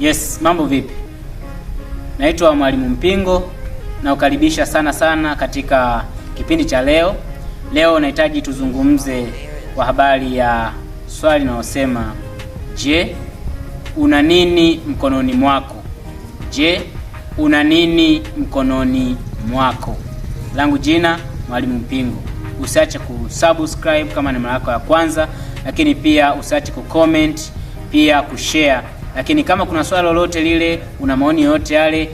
Yes, mambo vipi? Naitwa Mwalimu Mpingo na ukaribisha sana sana katika kipindi cha leo. Leo nahitaji tuzungumze kwa habari ya swali linalosema je, una nini mkononi mwako? Je, una nini mkononi mwako? Langu jina Mwalimu Mpingo. Usiache kusubscribe kama ni mara yako ya kwanza, lakini pia usiache kucomment, pia kushare lakini kama kuna swala lolote lile, una maoni yoyote yale,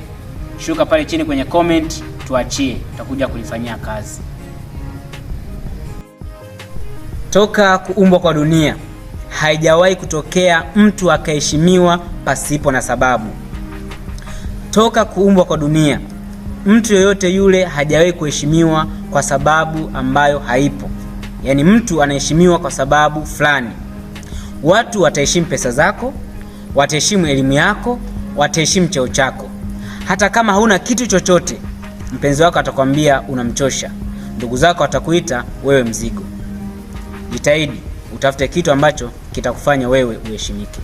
shuka pale chini kwenye comment, tuachie, tutakuja kulifanyia kazi. Toka kuumbwa kwa dunia haijawahi kutokea mtu akaheshimiwa pasipo na sababu. Toka kuumbwa kwa dunia mtu yoyote yule hajawahi kuheshimiwa kwa sababu ambayo haipo. Yaani mtu anaheshimiwa kwa sababu fulani. Watu wataheshimu pesa zako, wataheshimu elimu yako, wataheshimu cheo chako. Hata kama hauna kitu chochote, mpenzi wako atakwambia unamchosha, ndugu zako watakuita wewe mzigo. Jitahidi utafute kitu ambacho kitakufanya wewe uheshimike.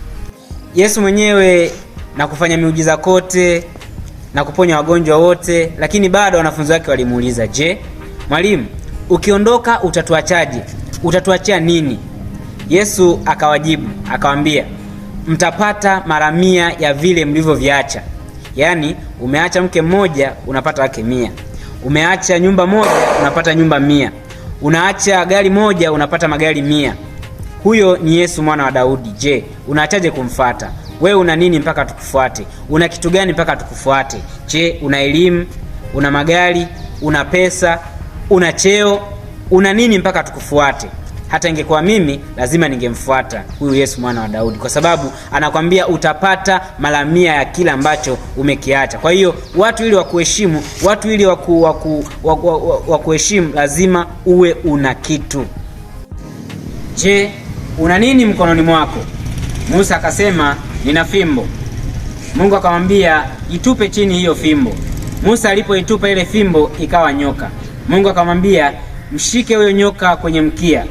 Yesu mwenyewe na kufanya miujiza kote na kuponya wagonjwa wote, lakini bado wanafunzi wake walimuuliza, je, mwalimu, ukiondoka utatuachaje? Utatuachia nini? Yesu akawajibu akawambia mtapata mara mia ya vile mlivyoviacha. Yaani umeacha mke mmoja unapata wake mia, umeacha nyumba moja unapata nyumba mia, unaacha gari moja unapata magari mia. Huyo ni Yesu mwana wa Daudi. Je, unaachaje kumfata? Wewe una nini mpaka tukufuate? Una kitu gani mpaka tukufuate? Je, una elimu? Una magari? Una pesa? Una cheo? Una nini mpaka tukufuate? hata ingekuwa mimi lazima ningemfuata huyu Yesu mwana wa Daudi, kwa sababu anakwambia utapata mara mia ya kile ambacho umekiacha. Kwa hiyo watu ili wakuheshimu, watu ili waku, waku, waku, waku, wakuheshimu lazima uwe una kitu. Je, una nini mkononi mwako? Musa akasema nina fimbo. Mungu akamwambia itupe chini hiyo fimbo. Musa alipoitupa ile fimbo ikawa nyoka. Mungu akamwambia mshike huyo nyoka kwenye mkia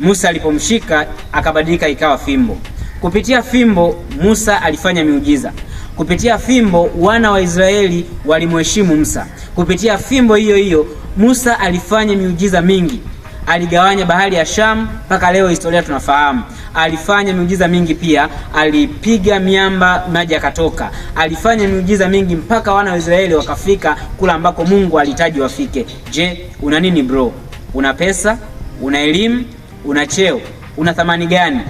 Musa alipomshika akabadilika ikawa fimbo. Kupitia fimbo Musa alifanya miujiza. Kupitia fimbo wana wa Israeli walimheshimu Musa. Kupitia fimbo hiyo hiyo Musa alifanya miujiza mingi. Aligawanya bahari ya Shamu, mpaka leo historia tunafahamu. Alifanya miujiza mingi pia, alipiga miamba maji yakatoka. Alifanya miujiza mingi mpaka wana wa Israeli wakafika kula ambako Mungu alihitaji wafike. Je, una nini bro? Una pesa? Una elimu? una cheo, una thamani gani?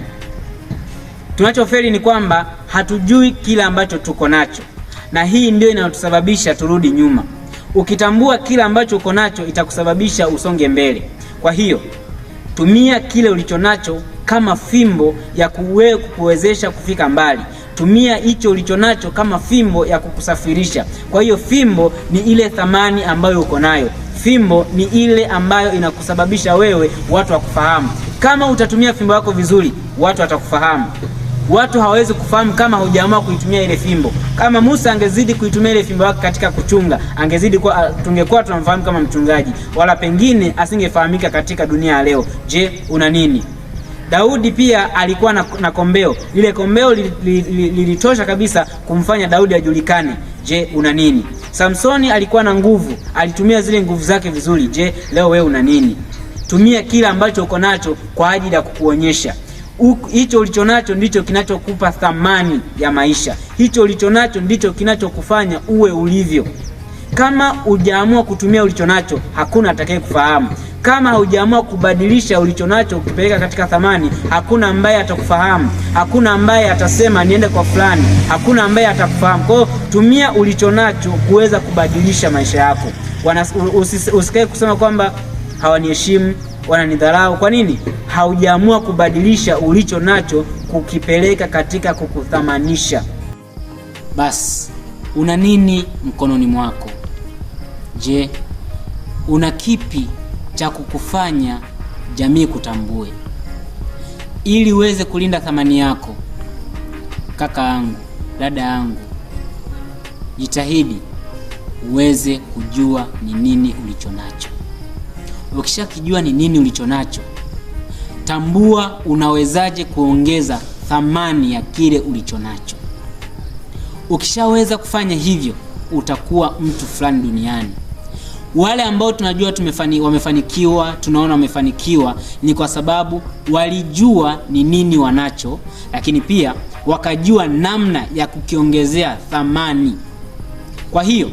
Tunachofeli ni kwamba hatujui kile ambacho tuko nacho, na hii ndio inayotusababisha turudi nyuma. Ukitambua kile ambacho uko nacho, itakusababisha usonge mbele. Kwa hiyo tumia kile ulicho nacho kama fimbo ya kuwe kukuwezesha kufika mbali. Tumia hicho ulicho nacho kama fimbo ya kukusafirisha. Kwa hiyo fimbo ni ile thamani ambayo uko nayo. Fimbo ni ile ambayo inakusababisha wewe watu wa kufahamu. Kama utatumia fimbo yako vizuri, watu watakufahamu. Watu hawawezi kufahamu kama hujaamua kuitumia ile fimbo. Kama Musa angezidi kuitumia ile fimbo yake katika kuchunga, angezidi kwa, ah, tungekuwa tunamfahamu kama mchungaji, wala pengine asingefahamika katika dunia ya leo. Je, una nini? Daudi pia alikuwa na, na kombeo. Lile kombeo lilitosha li, li, li kabisa kumfanya Daudi ajulikane. Je, una nini? Samsoni alikuwa na nguvu, alitumia zile nguvu zake vizuri. Je, leo wewe una nini? Tumia kila ambacho uko nacho kwa ajili ya kukuonyesha hicho ulicho nacho ndicho kinachokupa thamani ya maisha. Hicho ulicho nacho ndicho kinachokufanya uwe ulivyo. Kama hujaamua kutumia ulicho nacho, hakuna atakaye kufahamu. Kama hujaamua kubadilisha ulicho nacho ukipeleka katika thamani, hakuna ambaye atakufahamu, hakuna ambaye atasema niende kwa fulani, hakuna ambaye atakufahamu. Kwa hiyo tumia ulicho nacho kuweza kubadilisha maisha yako. Usikae kusema kwamba hawaniheshimu, wananidharau. Kwa nini? Haujaamua kubadilisha ulicho nacho kukipeleka katika kukuthamanisha. Basi una nini mkononi mwako? Je, una kipi cha kukufanya jamii kutambue? Ili uweze kulinda thamani yako, kaka yangu, dada yangu, jitahidi uweze kujua ni nini ulicho nacho. Ukishakijua ni nini ulichonacho, tambua unawezaje kuongeza thamani ya kile ulichonacho. Ukishaweza kufanya hivyo, utakuwa mtu fulani duniani. Wale ambao tunajua tumefani, wamefanikiwa tunaona wamefanikiwa ni kwa sababu walijua ni nini wanacho, lakini pia wakajua namna ya kukiongezea thamani. Kwa hiyo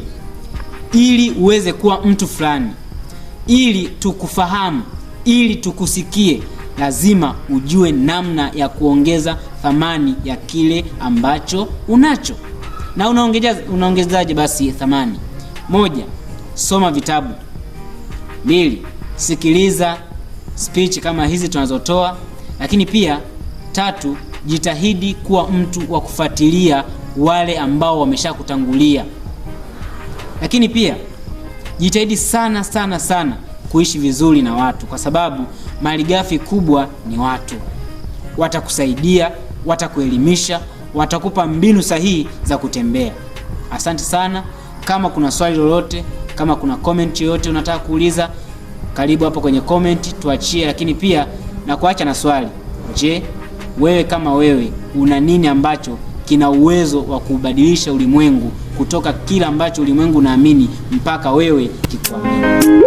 ili uweze kuwa mtu fulani ili tukufahamu, ili tukusikie, lazima ujue namna ya kuongeza thamani ya kile ambacho unacho. Na unaongezaje? basi thamani? Moja, soma vitabu. Mbili, sikiliza speech kama hizi tunazotoa, lakini pia tatu, jitahidi kuwa mtu wa kufuatilia wale ambao wameshakutangulia, lakini pia Jitahidi sana sana sana kuishi vizuri na watu, kwa sababu malighafi kubwa ni watu. Watakusaidia, watakuelimisha, watakupa mbinu sahihi za kutembea. Asante sana. Kama kuna swali lolote, kama kuna comment yoyote unataka kuuliza, karibu hapo kwenye comment tuachie, lakini pia na kuacha na swali. Je, wewe kama wewe una nini ambacho kina uwezo wa kuubadilisha ulimwengu kutoka kila ambacho ulimwengu unaamini mpaka wewe kikuamini.